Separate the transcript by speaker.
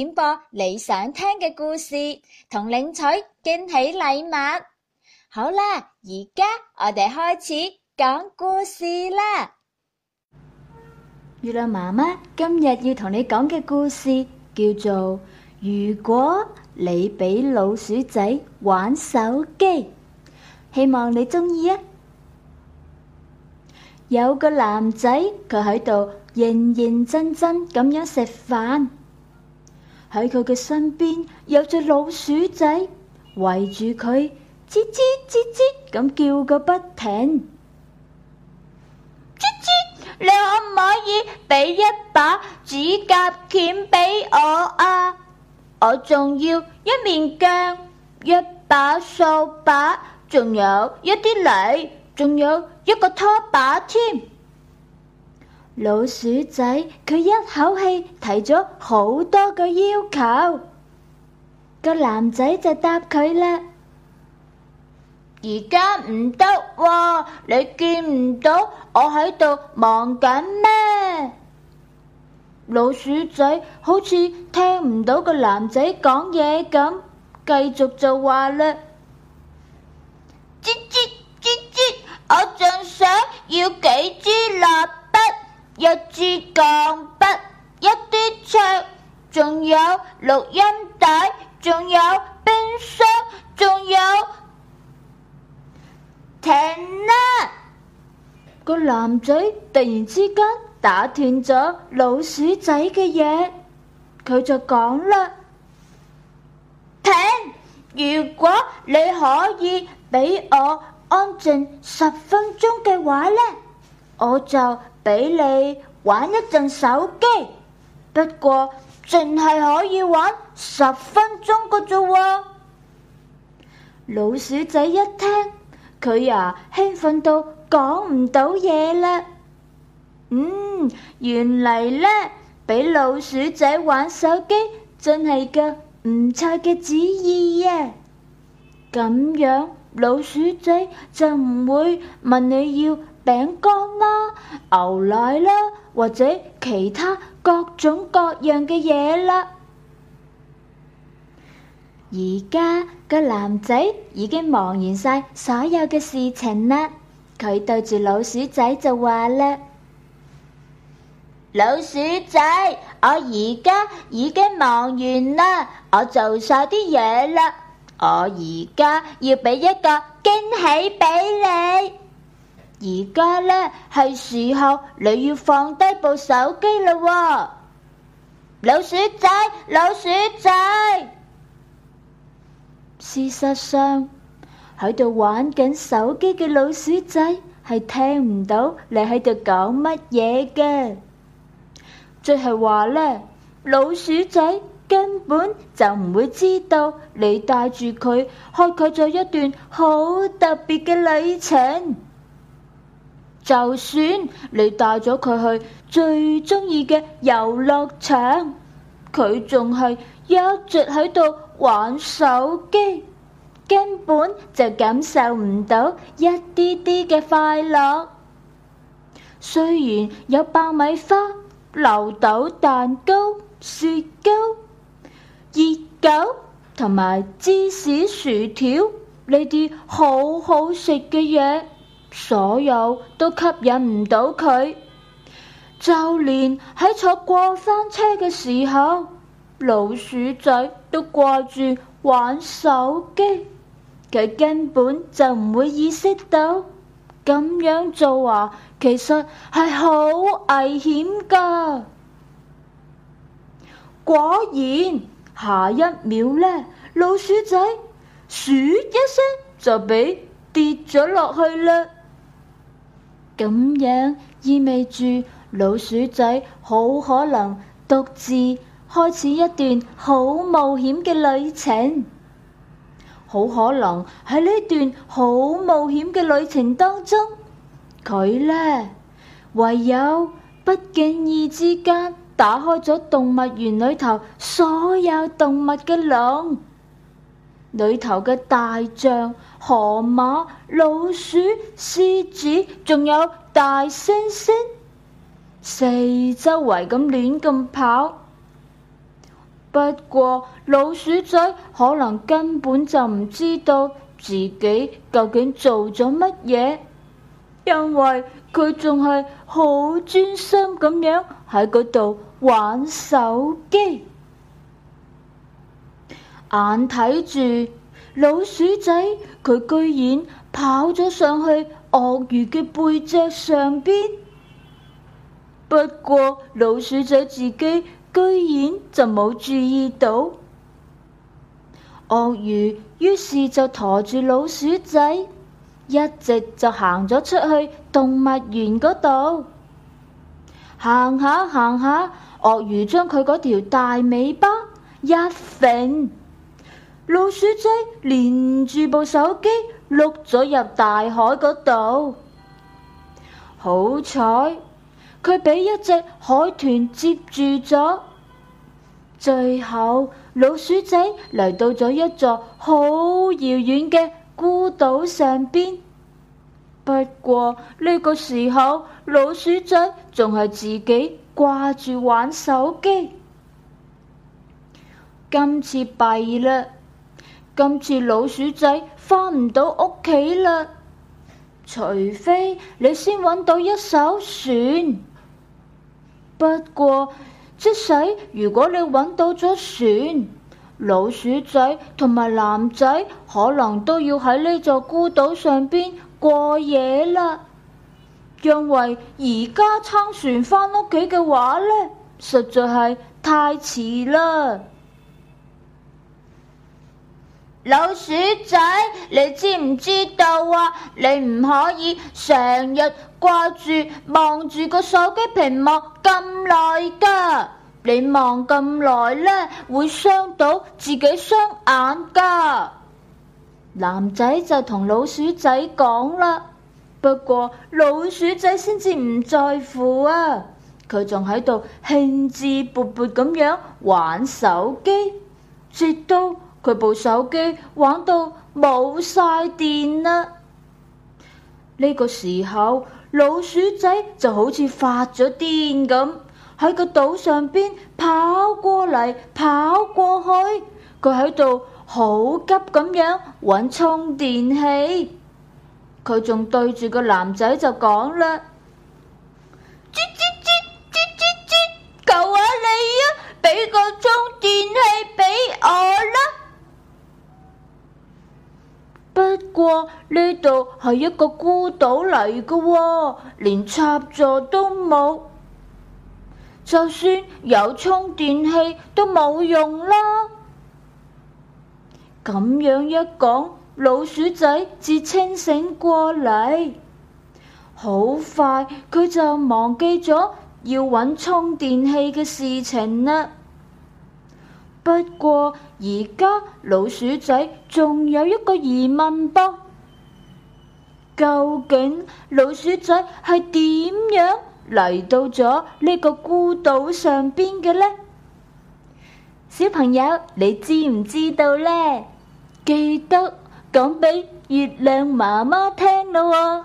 Speaker 1: 點播你想聽嘅故事，同領取驚喜禮物。好啦，而家我哋開始講故事啦。月亮媽媽今日要同你講嘅故事叫做《如果你俾老鼠仔玩手機》，希望你鍾意啊！有個男仔佢喺度認認真真咁樣食飯。喺佢嘅身邊，有隻老鼠仔圍住佢，吱吱吱吱咁叫個不停。吱吱，你可唔可以俾一把指甲鉗俾我啊？我仲要一面鏡、一把掃把、仲有一啲泥、仲有一個拖把添。老鼠仔佢一口氣提咗好多個要求，個男仔就答佢啦。而家唔得喎，你見唔到我喺度忙緊咩？老鼠仔好似聽唔到個男仔講嘢咁，繼續就話啦：吱吱吱吱，我仲想要幾支蠟一支鋼筆，一啲尺，仲有錄音帶，仲有冰箱，仲有停啦、啊！個男仔突然之間打斷咗老鼠仔嘅嘢，佢就講啦：停！如果你可以俾我安靜十分鐘嘅話咧，我就。俾你玩一陣手機，不過淨係可以玩十分鐘個咋。老鼠仔一聽，佢呀興奮到講唔到嘢啦。嗯，原嚟呢，俾老鼠仔玩手機真係個唔錯嘅主意呀。咁樣老鼠仔就唔會問你要。餅乾啦，牛奶啦，或者其他各種各樣嘅嘢啦。而家個男仔已經忙完晒所有嘅事情啦，佢對住老鼠仔就話啦：老鼠仔，我而家已經忙完啦，我做晒啲嘢啦，我而家要俾一個驚喜俾你。而家呢，係時候，你要放低部手機啦，哦。老鼠仔，老鼠仔。事實上喺度玩緊手機嘅老鼠仔係聽唔到你喺度講乜嘢嘅。即係話呢，老鼠仔根本就唔會知道你帶住佢開啟咗一段好特別嘅旅程。就算你帶咗佢去最中意嘅遊樂場，佢仲係一直喺度玩手機，根本就感受唔到一啲啲嘅快樂。雖然有爆米花、漏斗蛋糕、雪糕、熱狗同埋芝士薯條呢啲好好食嘅嘢。所有都吸引唔到佢，就連喺坐過山車嘅時候，老鼠仔都掛住玩手機。佢根本就唔會意識到咁樣做啊，其實係好危險噶。果然下一秒呢，老鼠仔“噓”一聲就俾跌咗落去啦。咁樣意味住老鼠仔好可能獨自開始一段好冒險嘅旅程，好可能喺呢段好冒險嘅旅程當中，佢呢唯有不經意之間打開咗動物園裏頭所有動物嘅籠。裏頭嘅大象、河馬、老鼠、獅子，仲有大猩猩，四周圍咁亂咁跑。不過老鼠仔可能根本就唔知道自己究竟做咗乜嘢，因為佢仲係好專心咁樣喺嗰度玩手機。眼睇住老鼠仔，佢居然跑咗上去鱷魚嘅背脊上邊。不過老鼠仔自己居然就冇注意到，鱷魚於是就馱住老鼠仔，一直就行咗出去動物園嗰度。行下行下，鱷魚將佢嗰條大尾巴一揈。老鼠仔連住部手機碌咗入大海嗰度，好彩佢俾一隻海豚接住咗。最後，老鼠仔嚟到咗一座好遙遠嘅孤島上邊。不過呢個時候，老鼠仔仲係自己掛住玩手機，今次弊嘞。今次老鼠仔返唔到屋企啦，除非你先揾到一艘船。不過，即使如果你揾到咗船，老鼠仔同埋男仔可能都要喺呢座孤島上邊過夜啦，因為而家撐船返屋企嘅話呢，實在係太遲啦。.老鼠仔，你知唔知道啊？你唔可以成日掛住望住個手機屏幕咁耐噶。你望咁耐呢，會傷到自己雙眼噶。男仔就同老鼠仔講啦，不過老鼠仔先至唔在乎啊。佢仲喺度興致勃勃咁樣玩手機，直到。佢部手機玩到冇晒電啦！呢個時候，老鼠仔就好似發咗癲咁，喺個島上邊跑過嚟跑過去，佢喺度好急咁樣搵充電器。佢仲對住個男仔就講啦：吱吱吱吱吱吱，求下你啊！俾個充電器俾我。不過呢度係一個孤島嚟㗎喎，連插座都冇，就算有充電器都冇用啦。咁樣一講，老鼠仔至清醒過嚟，好快佢就忘記咗要揾充電器嘅事情啦。不過而家老鼠仔仲有一個疑問噃：究竟老鼠仔係點樣嚟到咗呢個孤島上邊嘅呢？小朋友，你知唔知道呢？記得講俾月亮媽媽聽咯。